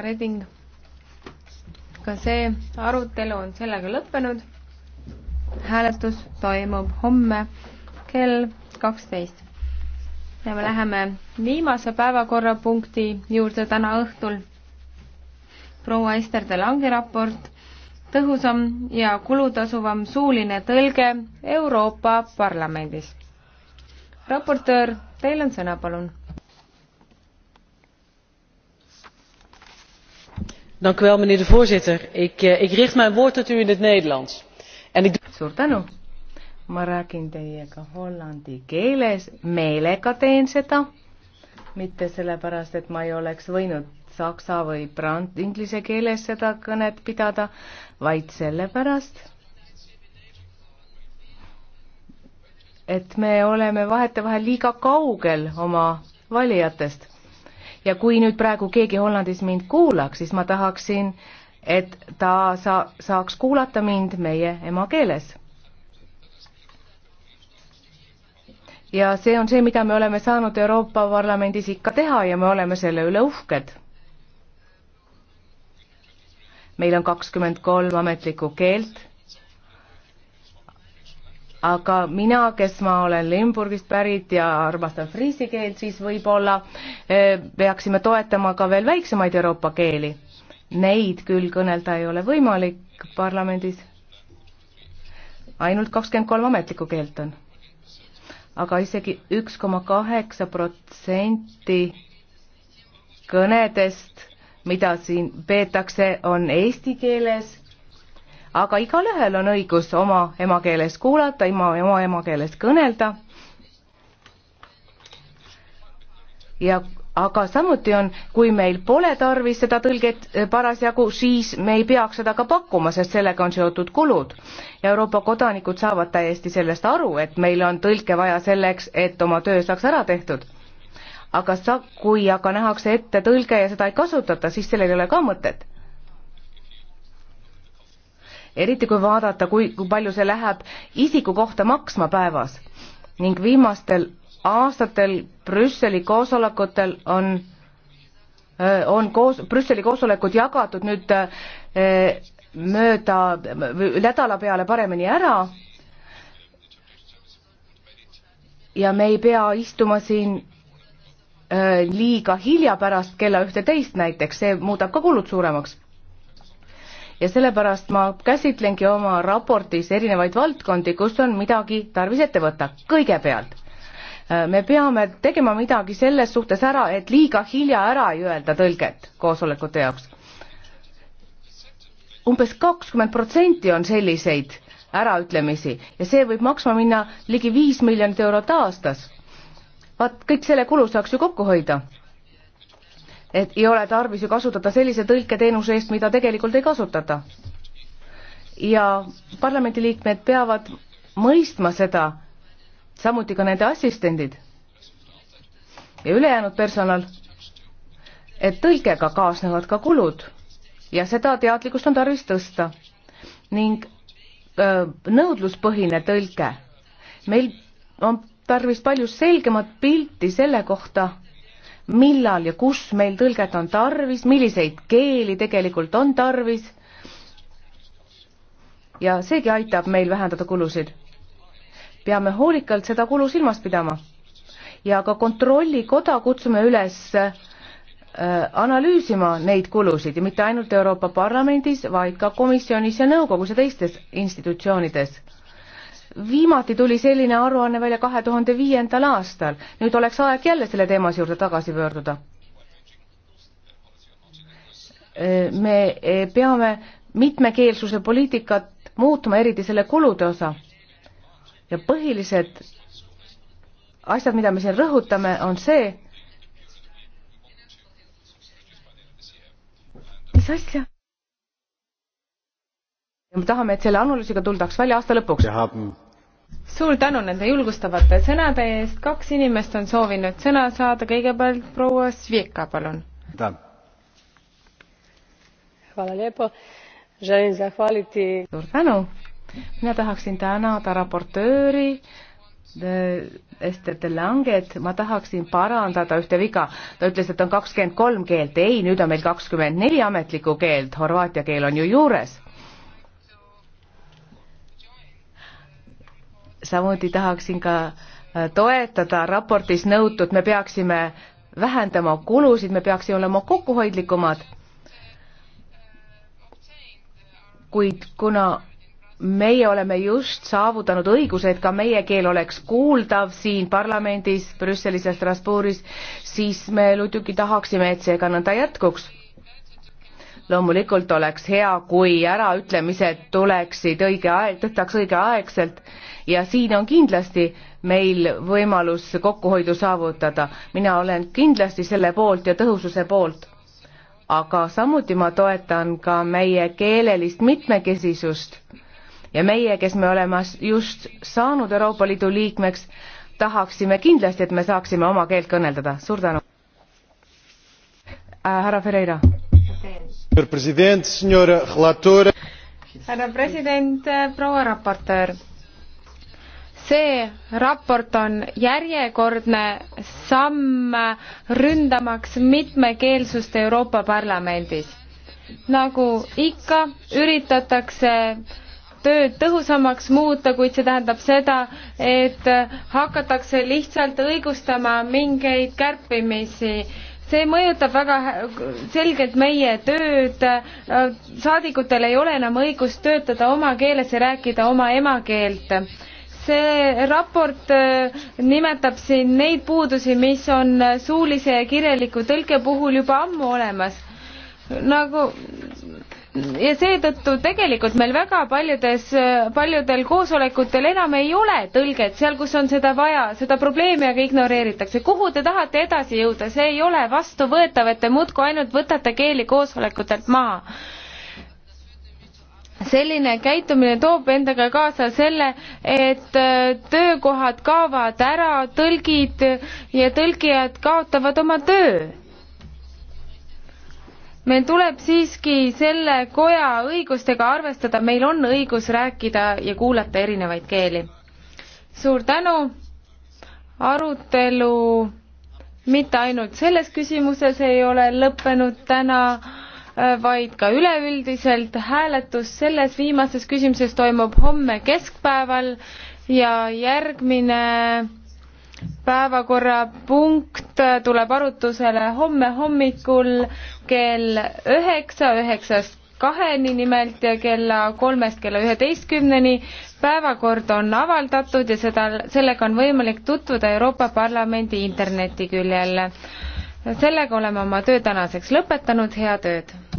Reding, ka see arutelu on sellega lõppenud. hääletus toimub homme kell kaksteist. ja me läheme viimase päevakorrapunkti juurde täna õhtul. proua Ester de Langi raport, tõhusam ja kulutasuvam suuline tõlge Euroopa Parlamendis. raportöör, teil on sõna, palun voorzitter eh, ik richt mijn woord tot u in het nederlands. ma räägin teiega hollandi keeles meelega teen seda mitte sellepärast et ma ei oleks võinud saksa või prant- inglise keeles seda kõnet pidada vaid sellepärast et me oleme vahetevahel liiga kaugel oma valijatest ja kui nüüd praegu keegi Hollandis mind kuulaks, siis ma tahaksin, et ta sa-, saaks kuulata mind meie emakeeles. ja see on see, mida me oleme saanud Euroopa Parlamendis ikka teha ja me oleme selle üle uhked meil on kakskümmend kolm ametlikku keelt, aga mina, kes ma olen Limburgist pärit ja armastan friisi keelt, siis võib-olla peaksime toetama ka veel väiksemaid Euroopa keeli. Neid küll kõnelda ei ole võimalik parlamendis. ainult kakskümmend kolm ametlikku keelt on. aga isegi üks koma kaheksa protsenti kõnedest, mida siin peetakse, on eesti keeles aga igalühel on õigus oma emakeeles kuulata, ilma oma emakeeles kõnelda ja aga samuti on, kui meil pole tarvis seda tõlget eh, parasjagu, siis me ei peaks seda ka pakkuma, sest sellega on seotud kulud. ja Euroopa kodanikud saavad täiesti sellest aru, et meil on tõlke vaja selleks, et oma töö saaks ära tehtud. aga sa, kui aga nähakse ette tõlge ja seda ei kasutata, siis sellel ei ole ka mõtet eriti kui vaadata, kui, kui palju see läheb isiku kohta maksma päevas ning viimastel aastatel Brüsseli koosolekutel on, äh, on koos, Brüsseli koosolekud jagatud nüüd äh, mööda nädala peale paremini ära ja me ei pea istuma siin äh, liiga hilja pärast kella ühteteist näiteks, see muudab ka kulud suuremaks. ja sellepärast ma käsitlengi oma raportis erinevaid valdkondi, kus on midagi tarvis ette võtta. kõigepealt Äh, me peame tegema midagi selles suhtes ära, et liiga hilja ära ei öelda tõlget koosolekute jaoks umbes. umbes kakskümmend protsenti on selliseid äraütlemisi ja see võib maksma minna ligi viis miljonit eurot aastas. vaat kõik selle kulu saaks ju kokku hoida. et ei ole tarvis ju kasutada sellise tõlketeenuse eest, mida tegelikult ei kasutata. ja parlamendiliikmed peavad mõistma seda, samuti ka nende assistendid ja ülejäänud personal, et tõlkega kaasnevad ka kulud ja seda teadlikkust on tarvis tõsta ning öö, nõudluspõhine tõlge. meil on tarvis palju selgemat pilti selle kohta, millal ja kus meil tõlget on tarvis, milliseid keeli tegelikult on tarvis. ja seegi aitab meil vähendada kulusid peame hoolikalt seda kulu silmas pidama. ja ka Kontrollikoda kutsume üles äh, analüüsima neid kulusid ja mitte ainult Euroopa Parlamendis, vaid ka komisjonis ja nõukogus ja teistes institutsioonides. viimati tuli selline aruanne välja kahe tuhande viiendal aastal, nüüd oleks aeg jälle selle teemase juurde tagasi pöörduda. Äh, me äh, peame mitmekeelsuse poliitikat muutma, eriti selle kulude osa ja põhilised asjad, mida me siin rõhutame, on see, mis asja? ja me tahame, et selle analüüsiga tuldaks välja aasta lõpuks. suur tänu nende julgustavate sõnade eest, kaks inimest on soovinud sõna saada, kõigepealt proua Svika, palun. suur tänu mina tahaksin tänada raportööri äh, Estete Langet, ma tahaksin parandada ühte viga. ta ütles, et on kakskümmend kolm keelt, ei, nüüd on meil kakskümmend neli ametlikku keelt, horvaatia keel on ju juures. samuti tahaksin ka äh, toetada raportis nõutud, me peaksime vähendama kulusid, me peaksime olema kokkuhoidlikumad. kuid kuna meie oleme just saavutanud õiguse, et ka meie keel oleks kuuldav siin parlamendis, Brüsselis ja Strasbourgis, siis me muidugi tahaksime, et see ka nõnda jätkuks. loomulikult oleks hea, kui äraütlemised tuleksid õige aeg, tõstaks õigeaegselt ja siin on kindlasti meil võimalus kokkuhoidu saavutada. mina olen kindlasti selle poolt ja tõhususe poolt aga samuti ma toetan ka meie keelelist mitmekesisust ja meie, kes me oleme just saanud Euroopa Liidu liikmeks, tahaksime kindlasti, et me saaksime oma keelt kõneldada. suur tänu äh,. härra Ferreira. härra president, äh, proua raportöör see raport on järjekordne samm ründamaks mitmekeelsust Euroopa Parlamendis. nagu ikka, üritatakse tööd tõhusamaks muuta, kuid see tähendab seda, et hakatakse lihtsalt õigustama mingeid kärpimisi. see mõjutab väga selgelt meie tööd, saadikutel ei ole enam õigust töötada oma keeles ja rääkida oma emakeelt see raport äh, nimetab siin neid puudusi, mis on suulise ja kirjaliku tõlke puhul juba ammu olemas. nagu ja seetõttu tegelikult meil väga paljudes, paljudel koosolekutel enam ei ole tõlget seal, kus on seda vaja, seda probleemi aga ignoreeritakse. kuhu te tahate edasi jõuda, see ei ole vastuvõetav, et te muudkui ainult võtate keeli koosolekutelt maha selline käitumine toob endaga kaasa selle, et äh, töökohad kaovad ära, tõlgid ja tõlkijad kaotavad oma töö meil tuleb siiski selle koja õigustega arvestada, meil on õigus rääkida ja kuulata erinevaid keeli. suur tänu, arutelu mitte ainult selles küsimuses ei ole lõppenud täna, äh, vaid ka üleüldiselt hääletus selles viimases küsimuses toimub homme keskpäeval ja järgmine päevakorrapunkt tuleb arutusele homme hommikul kell üheksa, üheksast kaheni nimelt ja kella kolmest kella üheteistkümneni. päevakord on avaldatud ja seda, sellega on võimalik tutvuda Euroopa Parlamendi internetiküljel. sellega oleme oma töö tänaseks lõpetanud, head ööd!